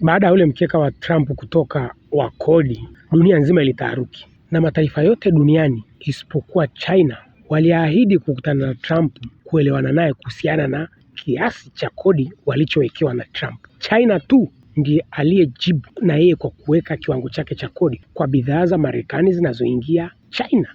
Baada ya ule mkeka wa Trump kutoka wa kodi, dunia nzima ilitaharuki, na mataifa yote duniani isipokuwa China waliahidi kukutana na Trump kuelewana naye kuhusiana na kiasi cha kodi walichowekewa na Trump. China tu ndiye aliyejibu na yeye kwa kuweka kiwango chake cha kodi kwa bidhaa za Marekani zinazoingia China.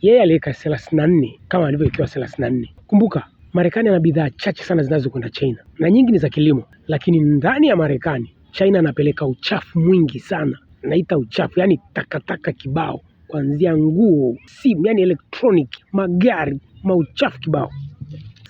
Yeye aliweka thelathini na nne kama alivyowekewa thelathini na nne. Kumbuka Marekani ana bidhaa chache sana zinazokwenda China na nyingi ni za kilimo, lakini ndani ya Marekani China anapeleka uchafu mwingi sana, naita uchafu, yani takataka kibao, kuanzia nguo, simu, yani elektroniki, magari, mauchafu kibao.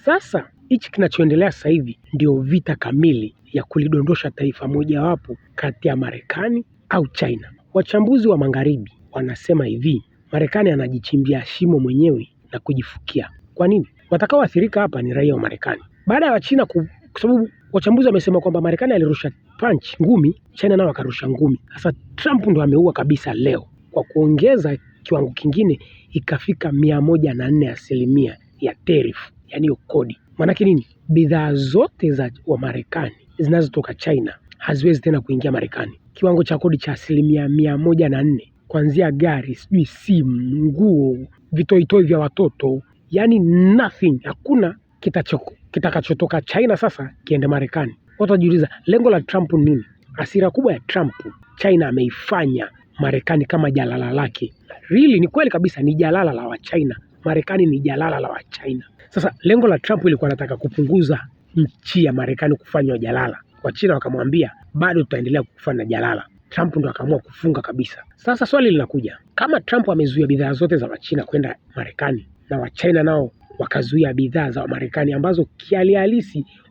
Sasa hichi kinachoendelea sasa hivi ndio vita kamili ya kulidondosha taifa mojawapo kati ya Marekani au China. Wachambuzi wa magharibi wanasema hivi, Marekani anajichimbia shimo mwenyewe na kujifukia. Kwa nini? Watakaoathirika hapa ni raia wa Marekani. Baada ya Wachina kwa sababu wachambuzi wamesema kwamba Marekani alirusha punch ngumi, China nao akarusha ngumi. Sasa Trump ndo ameua kabisa leo kwa kuongeza kiwango kingine ikafika mia moja na nne asilimia ya tarif, yani hiyo kodi. Maanake nini? Bidhaa zote za Wamarekani zinazotoka China haziwezi tena kuingia Marekani. Kiwango cha kodi cha asilimia mia moja na nne kuanzia gari, sijui simu, nguo, vitoitoi vya watoto, yani nothing, hakuna kitachoko kitakachotoka China sasa kiende Marekani. Watu wajiuliza lengo la Trump ni nini? Hasira kubwa ya Trump, China ameifanya Marekani kama jalala lake. Really, ni kweli kabisa, ni jalala la Wachina. Marekani ni jalala la Wachina. Sasa lengo la Trump ilikuwa anataka kupunguza nchi ya Marekani kufanywa jalala. Wachina wakamwambia bado tutaendelea kufanya jalala. Trump ndo akaamua kufunga kabisa. Sasa swali linakuja, kama Trump amezuia bidhaa zote za Wachina kwenda Marekani na Wachina nao wakazuia bidhaa za Wamarekani ambazo wa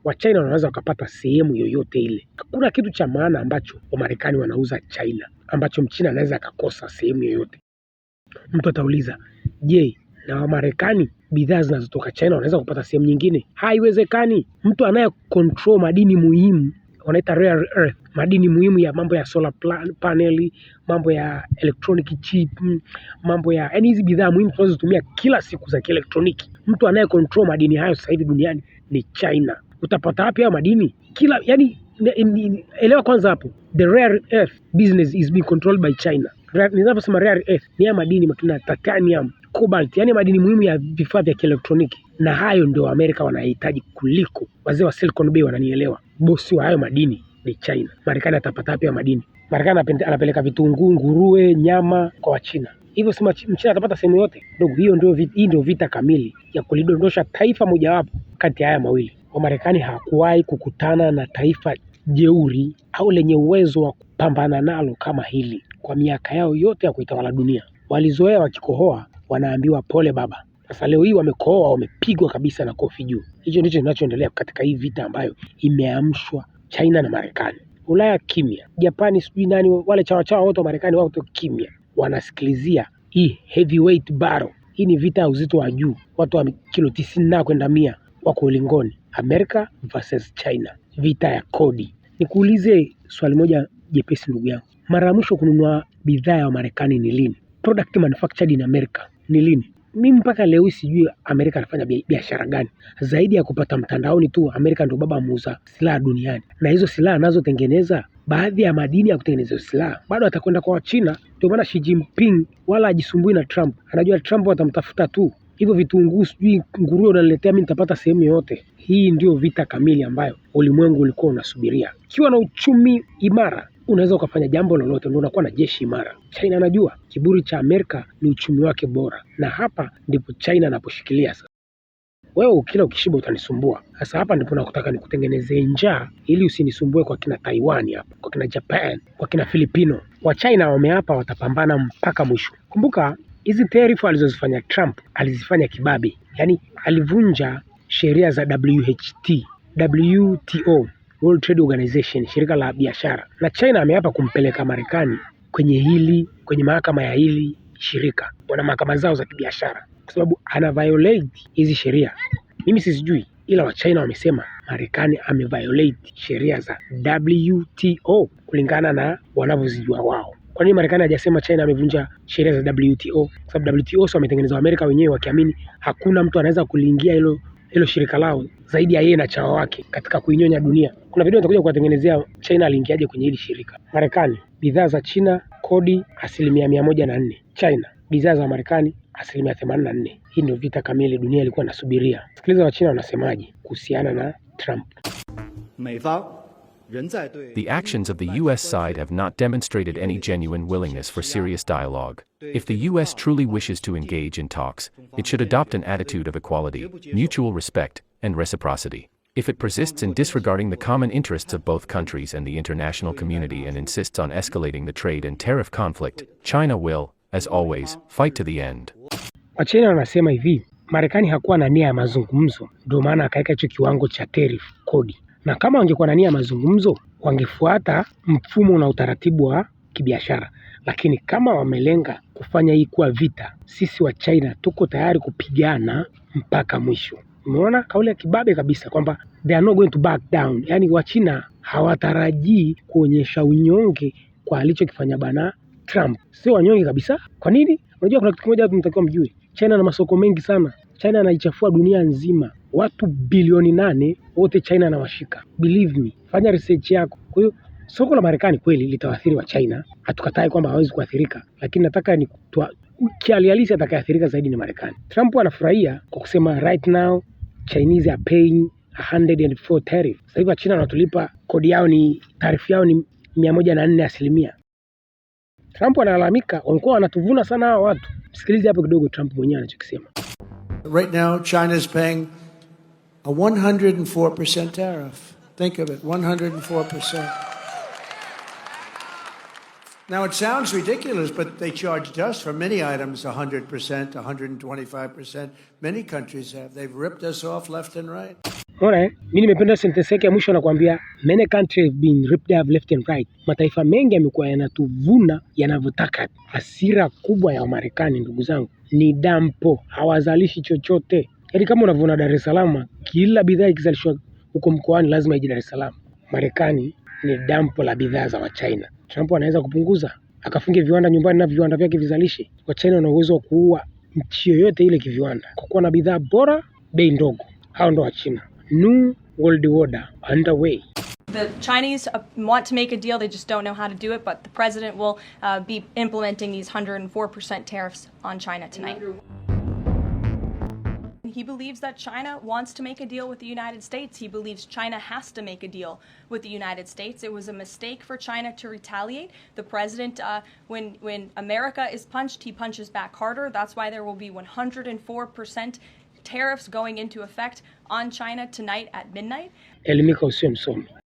Wachina wanaweza wakapata sehemu yoyote ile. Hakuna kitu cha maana ambacho Wamarekani wanauza China ambacho Mchina anaweza akakosa sehemu yoyote. Mtu atauliza, je, na Wamarekani bidhaa zinazotoka China wanaweza kupata sehemu nyingine? Haiwezekani. Mtu anaye control madini muhimu wanaita rare earth, madini muhimu ya mambo ya solar panel, mambo ya electronic chip, mambo ya yani hizi bidhaa muhimu tunazozitumia kila siku za kielektroniki. Mtu anaye control madini hayo sasa hivi duniani ni China. Utapata wapi hayo madini? Kila yani, elewa kwanza hapo, the rare earth business is being controlled by China ninaposema rare earth ni ya madini matunda titanium, cobalt, yani madini muhimu ya vifaa vya kielektroniki, na hayo ndio Amerika wanahitaji kuliko wazee wa Silicon Bay. Wananielewa, bosi wa hayo madini ni China. Marekani atapata pia madini. Marekani anapeleka vitunguu, nguruwe, nyama kwa Wachina, hivyo si mchina atapata sehemu yote ndugu. Hiyo ndio hii ndio vita kamili ya kulidondosha taifa mojawapo kati ya haya mawili. Wamarekani hawakuwahi kukutana na taifa jeuri au lenye uwezo wa kupambana nalo kama hili kwa miaka yao yote ya kuitawala dunia. Walizoea wakikohoa wanaambiwa pole baba. Sasa leo hii wamekohoa, wamepigwa kabisa na kofi juu. Hicho ndicho kinachoendelea katika hii vita ambayo imeamshwa China na Marekani. Ulaya kimya, Japani sijui nani, wale chawachawa wote wa Marekani wao kimya, wanasikilizia hii heavyweight battle. Hii ni vita ya uzito wa juu, watu wa kilo tisini na kwenda mia wako ulingoni, America versus China, vita ya kodi. Nikuulize swali moja jepesi, ndugu yangu, mara ya mwisho kununua bidhaa ya Marekani ni lini? Product manufactured in America ni lini? Mimi mpaka leo hii sijui Amerika anafanya biashara gani. Zaidi ya kupata mtandaoni tu, Amerika ndio baba muuza silaha duniani. Na hizo silaha anazotengeneza baadhi ya madini ya kutengeneza silaha bado atakwenda kwa Wachina. Ndio maana Xi Jinping wala ajisumbui na Trump, anajua Trump atamtafuta tu. Hivyo vitunguu sijui nguruwe unaniletea mimi nitapata sehemu yoyote. Hii ndio vita kamili ambayo ulimwengu ulikuwa unasubiria. Ukiwa na uchumi imara, unaweza ukafanya jambo lolote, ndio unakuwa na jeshi imara. China anajua kiburi cha Amerika ni uchumi wake bora, na hapa ndipo China anaposhikilia sasa. Wewe ukila ukishiba utanisumbua. Sasa hapa ndipo nakutaka nikutengenezee njaa ili usinisumbue kwa kina Taiwan hapa, kwa kina Japan, kwa kina Filipino. Wa China wameapa watapambana mpaka mwisho. Kumbuka hizi taarifa alizozifanya Trump alizifanya kibabe, yaani alivunja sheria za WHT, WTO World Trade Organization, shirika la biashara, na China ameapa kumpeleka Marekani kwenye hili kwenye mahakama ya hili shirika, wana mahakama zao za kibiashara, kwa sababu ana violate hizi sheria. Mimi sizijui ila Wachina wamesema Marekani violate sheria za WTO kulingana na wanavyozijua wao. Kwa nini Marekani hajasema China amevunja sheria za WTO? Kwa sababu WTO sio wametengeneza Amerika wenyewe wakiamini hakuna mtu anaweza kuliingia hilo hilo shirika lao zaidi ya yeye na chawa wake katika kuinyonya dunia. Kuna video nitakuja kuwatengenezea China aliingiaje kwenye hili shirika. Marekani, bidhaa za China kodi asilimia mia moja na nne. China, bidhaa za Marekani asilimia themanini na nne. Hii ndio vita kamili dunia ilikuwa inasubiria. Sikiliza Wachina wanasemaje kuhusiana na Trump. Meifang. The actions of the U.S. side have not demonstrated any genuine willingness for serious dialogue. If the U.S. truly wishes to engage in talks, it should adopt an attitude of equality, mutual respect, and reciprocity. If it persists in disregarding the common interests of both countries and the international community and insists on escalating the trade and tariff conflict, China will, as always, fight to the end. Wachina wanasema hivi, Marekani hakuwa na nia ya mazungumzo, ndio maana akaweka hicho kiwango cha tariff kodi. na kama wangekuwa na nia ya mazungumzo wangefuata mfumo na utaratibu wa kibiashara, lakini kama wamelenga kufanya hii kuwa vita, sisi wa China tuko tayari kupigana mpaka mwisho. Umeona kauli ya kibabe kabisa kwamba they are not going to back down, yaani Wachina hawatarajii kuonyesha unyonge kwa alichokifanya bana Trump. Sio wanyonge kabisa. Kwa nini? Unajua kuna kitu kimoja tunatakiwa mjue, China na masoko mengi sana. China anaichafua dunia nzima watu bilioni nane wote China anawashika, believe me, fanya research yako. Kwa hiyo soko la Marekani kweli litawaathiri wa China, hatukatai kwamba hawezi kuathirika, lakini nataka ni kialihalisi atakayeathirika zaidi ni Marekani. Trump anafurahia kwa kusema right now Chinese are paying 104 tariff. Sasa hivi China wanatulipa kodi yao ni tarifu yao ni mia moja na nne asilimia. Trump analalamika walikuwa wanatuvuna sana hawa watu. Msikilize hapo kidogo Trump mwenyewe anachokisema. Right now China is paying a 104% tariff. Think of it 104%. Now, it sounds ridiculous, but they charged us for many items 100%, 125%. Many countries have. They've ripped us off left and right. Alright, mimi nimependa sentence yake ya mwisho anakuambia many countries have been ripped off left and right. Mataifa mengi yamekuwa yanatuvuna yanavyotaka. Hasira kubwa ya Wamarekani, ndugu zangu, ni dampo, hawazalishi chochote. Yaani kama unavyoona Dar es Salaam kila bidhaa ikizalishwa huko mkoani lazima ije Dar es Salaam. Marekani ni dampo la bidhaa za Wachina. Trump anaweza kupunguza akafunge viwanda nyumbani na viwanda vyake vizalishe. Wachina wana uwezo wa kuua nchi yoyote ile kiviwanda kwa kuwa na bidhaa bora, bei ndogo. Hao ndo Wachina. New world order underway. The Chinese uh, want to make a deal, they just don't know how to do it, but the president will uh, be implementing these 104% tariffs on China tonight. He believes that China wants to make a deal with the United States. He believes China has to make a deal with the United States. It was a mistake for China to retaliate. The president, uh, when when America is punched, he punches back harder. That's why there will be 104 percent tariffs going into effect on China tonight at midnight. Simpson.